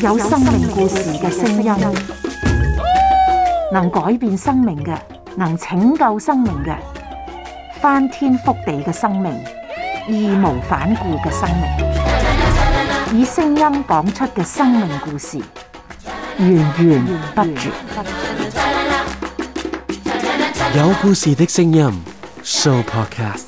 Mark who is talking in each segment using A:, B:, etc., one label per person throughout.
A: 有生命故事嘅聲音，能改變生命嘅，能拯救生命嘅，翻天覆地嘅生命，義無反顧嘅生命，以聲音講出嘅生命故事，源源不絕。有故
B: 事嘅聲音，Show Podcast。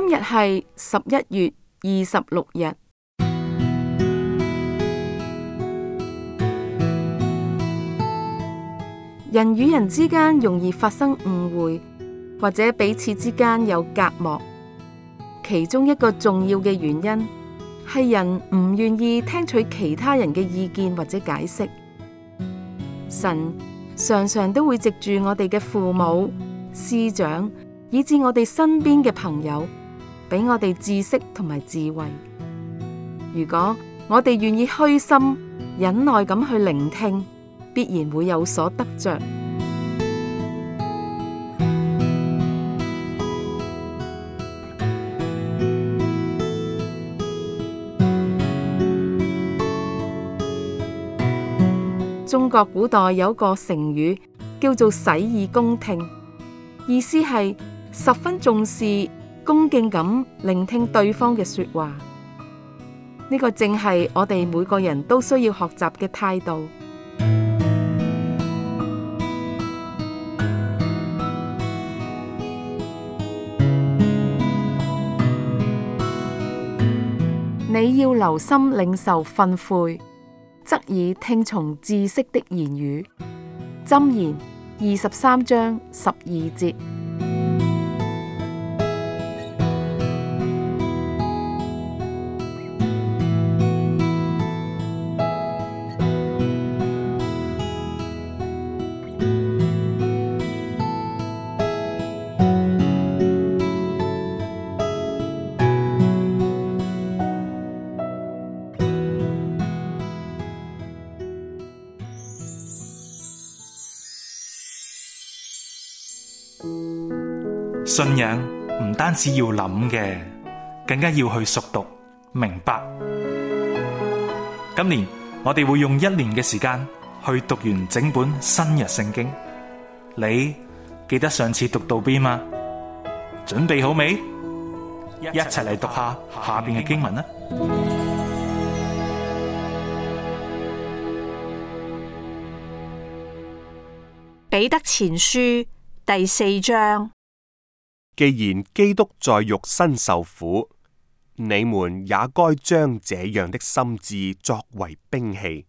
A: 今日係十一月二十六日。人與人之間容易發生誤會，或者彼此之間有隔膜，其中一個重要嘅原因係人唔願意聽取其他人嘅意見或者解釋。神常常都會藉住我哋嘅父母、師長，以至我哋身邊嘅朋友，俾我哋知識同埋智慧。如果我哋願意虛心忍耐咁去聆聽，必然會有所得着。中國古代有個成語叫做洗耳恭聽，意思係十分重視。恭敬咁聆聽對方嘅說話，呢、這個正係我哋每個人都需要學習嘅態度。 你要留心領受訓誨，側耳聽從知識的言語。箴言二十三章十二節。
B: 信仰唔單止要諗嘅，更加要去熟讀明白。今年我哋會用一年嘅時間去讀完整本新約聖經。你記得上次讀到邊嗎？準備好未？一齊嚟讀下下邊嘅經文啦。
A: 彼得前書第四章。
B: 既然基督在肉身受苦，你們也該將這樣的心智作為兵器，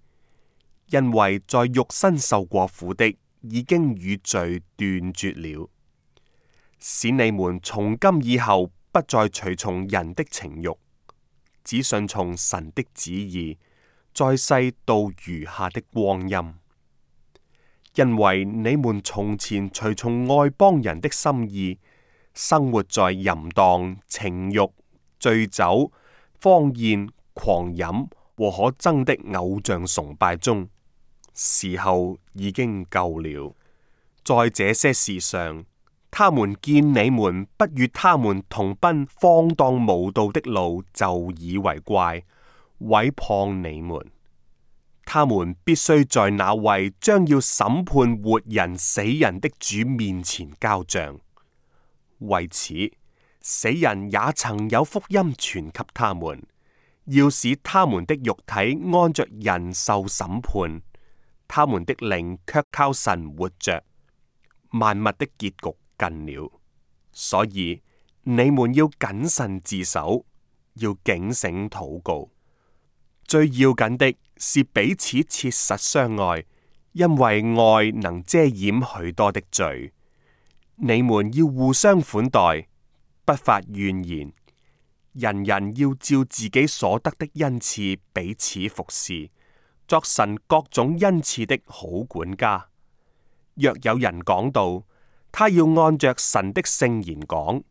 B: 因為在肉身受過苦的，已經與罪斷絕了，使你們從今以後不再隨從人的情欲，只信從神的旨意，在世度餘下的光陰，因為你們從前隨從外邦人的心意。生活在淫蕩、情慾、醉酒、荒宴、狂飲和可憎的偶像崇拜中，時候已經夠了。在這些事上，他們見你們不與他們同奔荒蕩無道的路，就以為怪，毀謗你們。他們必須在那位將要審判活人死人的主面前交賬。為此，死人也曾有福音傳給他們，要使他們的肉體安着人受審判，他們的靈卻靠神活着。萬物的結局近了，所以你們要謹慎自守，要警醒禱告。最要緊的是彼此切實相愛，因為愛能遮掩許多的罪。你們要互相款待，不發怨言；人人要照自己所得的恩賜彼此服侍，作神各種恩賜的好管家。若有人講道，他要按着神的聖言講；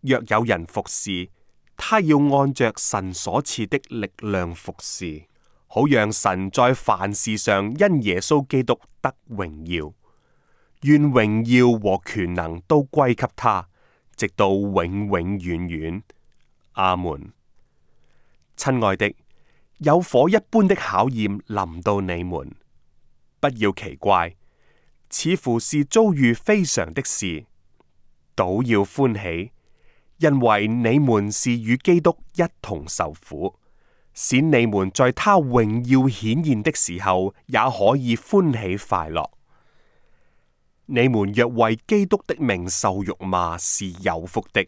B: 若有人服侍，他要按着神所賜的力量服侍，好讓神在凡事上因耶穌基督得榮耀。願榮耀和權能都歸給他，直到永永遠遠。阿門。親愛的，有火一般的考驗臨到你們，不要奇怪，似乎是遭遇非常的事，倒要歡喜，因為你們是與基督一同受苦，使你們在他榮耀顯現的時候，也可以歡喜快樂。你們若為基督的名受辱罵，是有福的，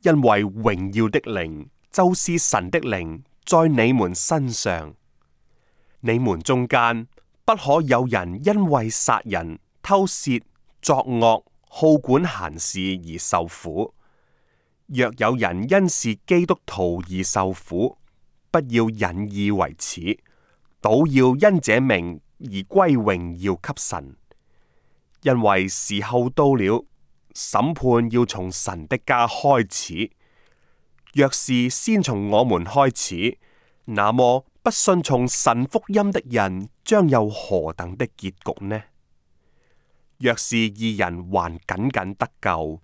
B: 因為榮耀的靈就是神的靈在你們身上。你們中間不可有人因為殺人、偷竊、作惡、好管閒事而受苦。若有人因是基督徒而受苦，不要引以為恥，倒要因這名而歸榮耀給神。因為時候到了，審判要從神的家開始。若是先從我們開始，那麽不信從神福音的人將有何等的結局呢？若是義人還僅僅得救，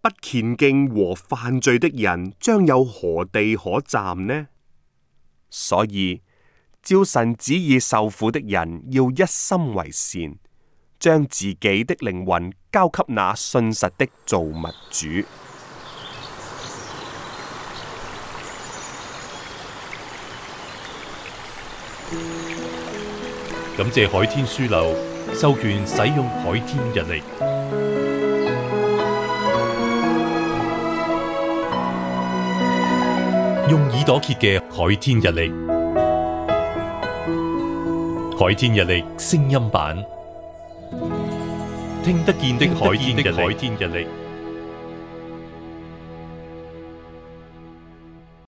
B: 不虔敬和犯罪的人將有何地可站呢？所以照神旨意受苦的人要一心為善。將自己的靈魂交給那信實的造物主。感謝海天書樓授權使用海天日曆，用耳朵揭嘅海天日曆，海天日曆聲音版。
A: 聽得見的海
B: 天日曆。